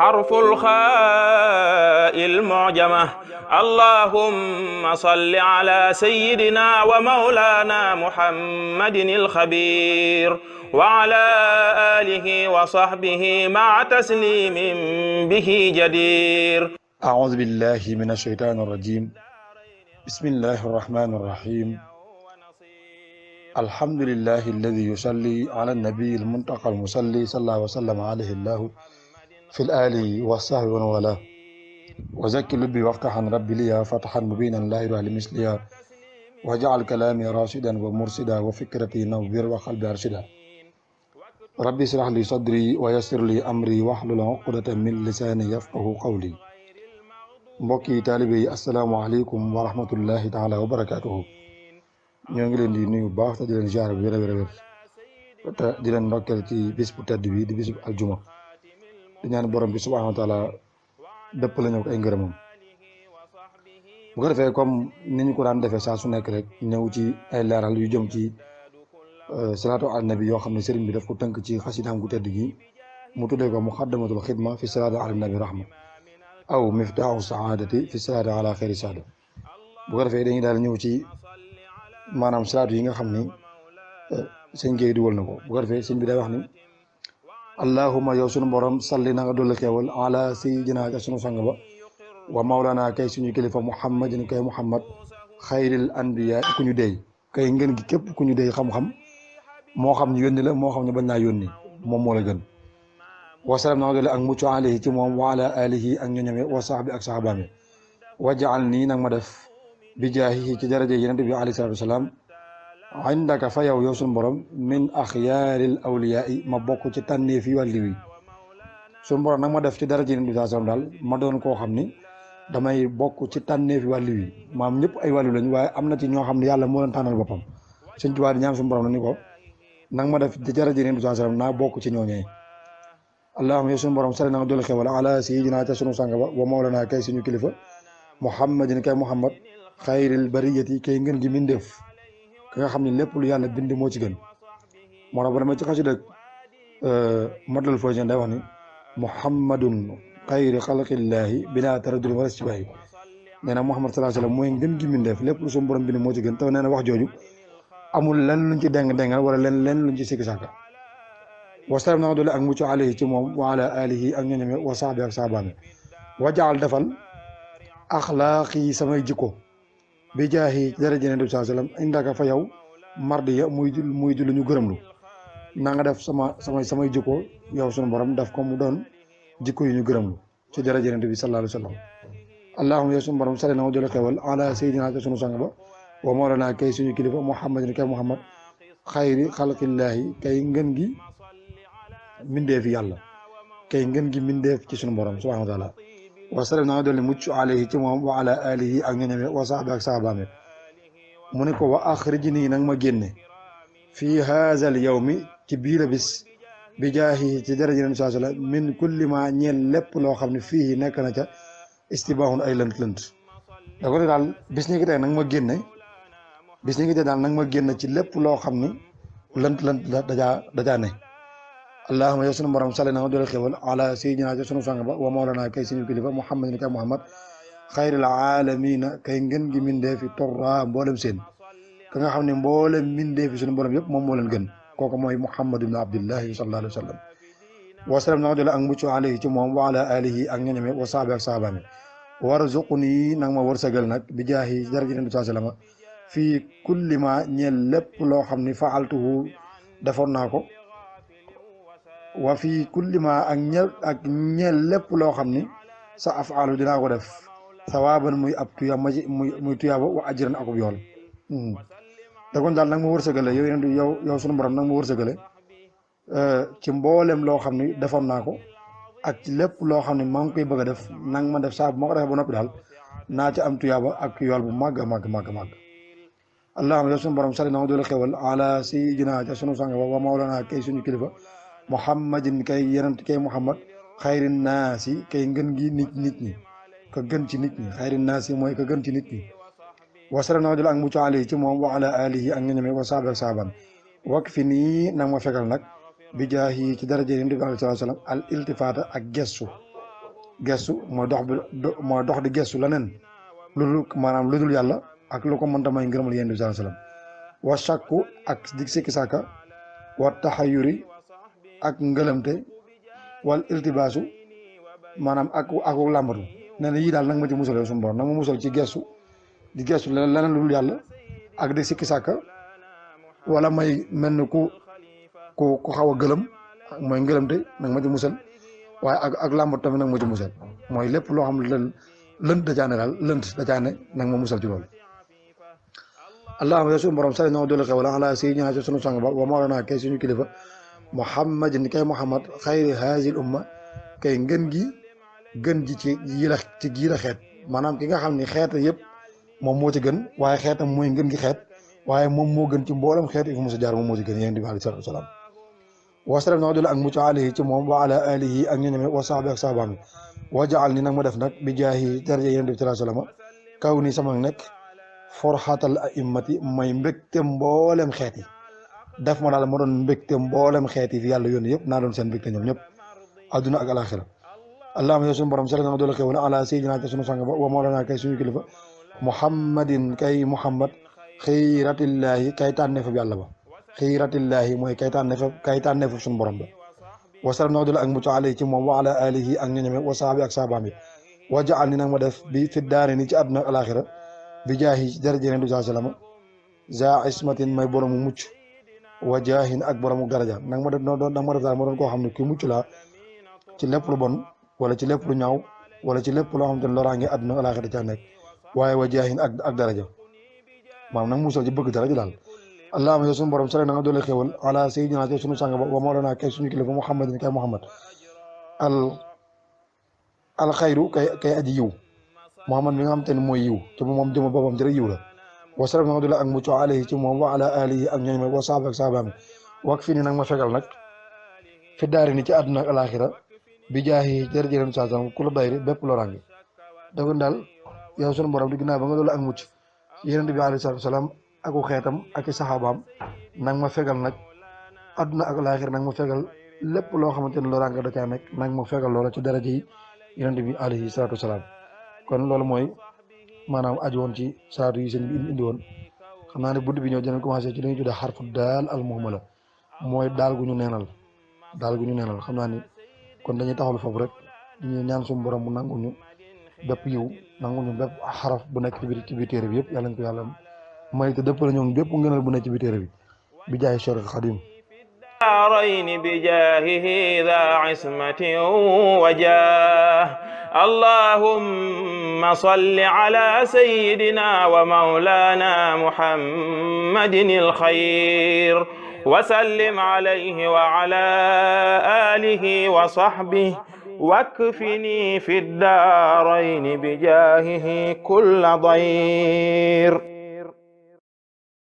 حرف الخاء المعجمة اللهم صل على سيدنا ومولانا محمد الخبير وعلى آله وصحبه مع تسليم به جدير أعوذ بالله من الشيطان الرجيم بسم الله الرحمن الرحيم الحمد لله الذي يصلي على النبي المنتقى المصلي صلى الله وسلم عليه الله fi l ali wa sahbi man wala wa zakki lubbi waftahan rabbi liya fatahan mubinan la ilaha li misliya wa jaal kalaami rashidan wa mursida wa fikrati nawwir wa qalbi arshida rabbi israh li sadri wa yassir li amri wahlul uqdatan min lisaani yafqahu qawli mbokki taalibe yi assalaamu aleykum wa rahmatullahi taala wa barakatuhu ñoo ngi leen di nuyu baax te di leen jaar bu wér a wér a wér te di leen ndokkeel ci bis bu tedd bi di bis bu aljuma di ñaan borom bi subhaanahu wa taala dëpp la ñëw ko ay ngërëmam bu ko defee comme niñ ñu ko daan defee saa su nekk rek ñëw ci ay leeral yu jëm ci euh, salaatu ala nabi yoo xam ne sëriñ bi daf ko tënk ci xasidaam gu tedd gi mu tuddee ko muqaddamatul xidma fi salaatu ala nabi rahma aw miftaaxu saadati fi salaatu ala xayri saada bu ko defee dañuy daal ñëw ci maanaam salaatu yi nga xam ni euh, sëñ Gueye dugal na ko bu ko defee sëñ bi day wax ni allahuma yow sunu borom salli na nga dolli xéewal ala a sunu sang ba wa mawlana kay suñu kilifa muhammadin kay muhammad xayril anbiya ku ñu dey kay ngeen gi képp ku ñu dey xam-xam moo xam ñu yónni la moo xam ñu bañ naa yónni moo la gën wasalaam na nga dolli ak mucc alayhi ci moom wa ala ak ñoñame ma def bi jaahihi ci daraje yenente bi alayhi salatu wasalaam indaka fa yow yow suñu borom min axyaaril awliyaai ma bokk ci tànnee fi wàlli wi suñu nag ma def ci dara ci ndusaasam daal ma doon koo xam ni damay bokk ci tànnee fi wàlli wi maam ñëpp ay wàllu lañ waaye am na ci ñoo xam yàlla moo leen tànnal boppam suñ tubaab a ñaan suñu borom na ni ko nag ma def ci dara ci ndusaasam naa bokk ci ñooñee allahumma yow suñu borom sari na nga dolli xewal ala sayyidina ca sunu sang ba wa mawlana kay suñu kilifa muhammadin kay muhammad xayril bariyati kay ngën gi mindeef ki nga xam ne lépp lu yàlla bind moo ci gën moo tax ba dama ci xasida euh, matlul fawzayni day wax ni muhammadun xayri xalqillaahi bila taraddud wala istibaahi nee na muhammad salaa sallam mooy ngën gi mbindeef lépp lu suñu borom bind moo ci gën taw nee wax jooju amul lenn luñ ci déng-déngal wala leen leen luñ ci sikki sàkka wasalam nanga doole ak mucc alayhi ci moom wa ala alihi ak ñoñame wa sahbi ak saabaami wajaal defal axlaaqi samay jikko bi jaahi daraja Yonent bi sallam indaka fa yow mardiya muy muy lu ñu gërëm lu na nga def sama samay samay jikko yow sunu borom daf ko mu doon jikko yu ñu gërëm lu ci daraja Yonent bi sallallahu alayhi wa sallam allahumma yow sunu borom sali na ma jëla xewal ala sayyidina sunu sang ba wa mawlana kay suñu kilifa muhammadin kay muhammad xayri xalqillaahi kay ngën gi mbindeef yàlla kay ngën gi mbindeef ci sunu borom subhanahu wa wasallam na nga dolli mucc alayhi ci moom wa ala alihi ak ñoñame wa sahbi ak sahabaame mu ne ko wa axrijnii nag ma génne fii haazal yawmi ci biir bis bi jaahi ci daraja nabi saa sallam min kulli ma ñeel lépp loo xam ne fii nekk na ca istibaahun ay lënt lënt da ne daal bis ni ki te nag ma génne bis ni ki tey daal nag ma génne ci lépp loo xam ni lënt lënt dajaa dajaa ne allahuma yow sunu borom salli na ma doole xéwal ala sayyidina ca sunu sang ba wa mawlana kay suñu kilifa muhammadin kay muhammad xayril alamina kay ngën gi mindee fi torra mboolem seen ka nga xam ne mboolem mindee fi sunu borom yëpp moom moo leen gën kooku mooy muhammad ibn abdillahi sallallahu alayhi wa sallam wasalam na nga doole ak mucc alayhi ci moom wa ala alihi ak ñoñame wa saabi ak saabaami warzuqni nag ma wërsëgal nag bi jaahi daraja nabi sallallahu alayhi wa sallam fii kulli ma ñeel lépp loo xam ni faaltuhu defoon naa ko wa fi kulli ma ak ñe ak ñeel lépp loo xam ni sa afaalu dinaa ko def sawaaban muy ab tuya maji muy muy tuyaaba wa ajran akub yool hmm. da kon daal nag ma wërsëgale yow yéen yow yow sunu borom nag ma wërsëgale euh, ci mboolem loo xam ni defoon naa ko ak ci lépp loo xam ne maa ngi koy bëgg a def nang ma def saa bu ma ko defee ba noppi daal naa ci am tuyaaba ak yool bu màgg a màgg màgg màgg allahumma yow sunu borom sali na ma doole xewal ala sayyidina ca sunu sang wa mawlana kay suñu kilifa muhammadin kay yenent kay muhammad xayrin naasi kay ngën gi nit nit ñi ka gën ci nit ñi xayrin naasi mooy ka gën ci nit ñi wasala na jël ak mucc ali ci moom wa ala alihi ak nga ñamee wa fi nii nag ma fekkal nag bi jaahi ci daraje yonent bi alayhi salaam al iltifaata ak gestu gestu mooy dox bi dox di gestu leneen lu dul lu dul yàlla ak lu ko mënta may ngërëmal yonent bi alayhi salaam wa shakku ak di sikki wa taxayuri ak ngëlëmte wal iltibaasu maanaam ak ak làmbatu nee na yii daal nag ma ci musal yow suñu borom nag ma ci gestu di gestu leneen lu yàlla ak di sikki sàkka wala may mel ni ku ku ku xaw a gëlëm mooy ngëlëmte nag ma ci musal waaye ak ak làmbatu tamit nag ma ci musal mooy lépp loo xam lën lënt da caane daal lënt da caane nag ma musal ci loolu allahumma yow suñu borom sali noo doole xew la xalaa si ñaa ci sunu sang a wa mawlana kay suñu kilifa muhammadin kay muhammad xayri haazil umma kay ngën gi gën gi ci yiila ci giila xeet maanaam ki nga xam ni xeeta yëpp moom moo ci gën waaye xeetam mooy ngën gi xeet waaye moom moo gën ci mboolem xeet yi fu mu sa moom moo ci gën yéen di bi alayhi salaatu wasalaam wasalam na dolla ak mucc alayhi ci moom wa ala alihi ak ñoñame wa sahbi ak sahabaam wa jaal ni nag ma def nag bi jaahi daraja yéen di bi sallallahu alayhi wasallam kaw ni sama nekk forxatal a'immati may mbégte mboolem xeet yi def ma daal ma doon mbégte mboolem xeet yi fi yàlla yoon yëpp naa doon seen mbégte ñoom ñëpp adduna ak alaxira allahuma yow suñu borom sal na nga doole xewal ala sayyidina kay suñu sang ba wa mawlana kay suñu kilifa muhammadin kay muhammad xiiratillaahi kay tànneefab mooy kay tànneefab kay tànneefab suñu borom ba wasalam ak mucc alay ci moom wa ala alihi ak ñoñame wa saabi ak wa ni nag ma def bi fi daare ci adduna ak alaxira bi jaahi ci darajene du saa salama za ismatin may borom mucc wa jaahin ak boromu daraja nag ma def nag ma def daal ma doon ko xam ne kii mucc laa ci lépp lu bon wala ci lépp lu ñaaw wala ci lépp loo xam te ne loraange àdduna alaaxira ca nekk waaye wa jaahin ak ak daraja maanaam nag musal ci bëgg daraja daal allahumma yow suñu borom sare na nga doole xéewal ala suñu sang ba wa mawlana kay suñu kilifa muhammadin kay muhammad al al xayru kay kay aji yiw muhammad mi nga xam te ne mooy yiw te moom jëma boppam jër yiw la wasalaam Muhammadu ak mucc alayhi ci moom ala alihi ak ñooñ ma wa saaba ak saabaam wak fii nii nag ma fegal nag fi ci àdduna ak alaxira bi jaahi jërëjërëm saa sallam bépp loraange dafa daal yow sunu borom di ginnaaw ba nga doolu ak mucc yonent bi alayhi salaatu salaam ak u xeetam ak i saxaabaam nag ma fegal nag àdduna ak alaxira nag ma fegal lépp loo xamante ne loraange da caa nag ma fegal loola ci daraja yi yonent bi alayhi salaatu salaam kon loolu mooy maanaam aju woon ci saatu yi sëñ bi indi woon xam naa ne budd bi ñëw dinañ commencé ci li ñuy tuddee xarfu daal al mooy daal gu ñu neenal daal gu ñu neenal xam naa ni kon dañuy taxawlu foofu rek ñu ñaan suñu borom mu nangu ñu bépp yiw nangu ñu bépp xaraf bu nekk ci biir ci biir téere bi yëpp yàlla ñu ko yàlla may te dëpp la ñoom bépp ngënal bu nekk ci biir téere bi bi jaay Cheikh الدارين بجاهه ذا عصمة وجاه اللهم صل على سيدنا ومولانا محمد الخير وسلم عليه وعلى آله وصحبه واكفني في الدارين بجاهه كل ضير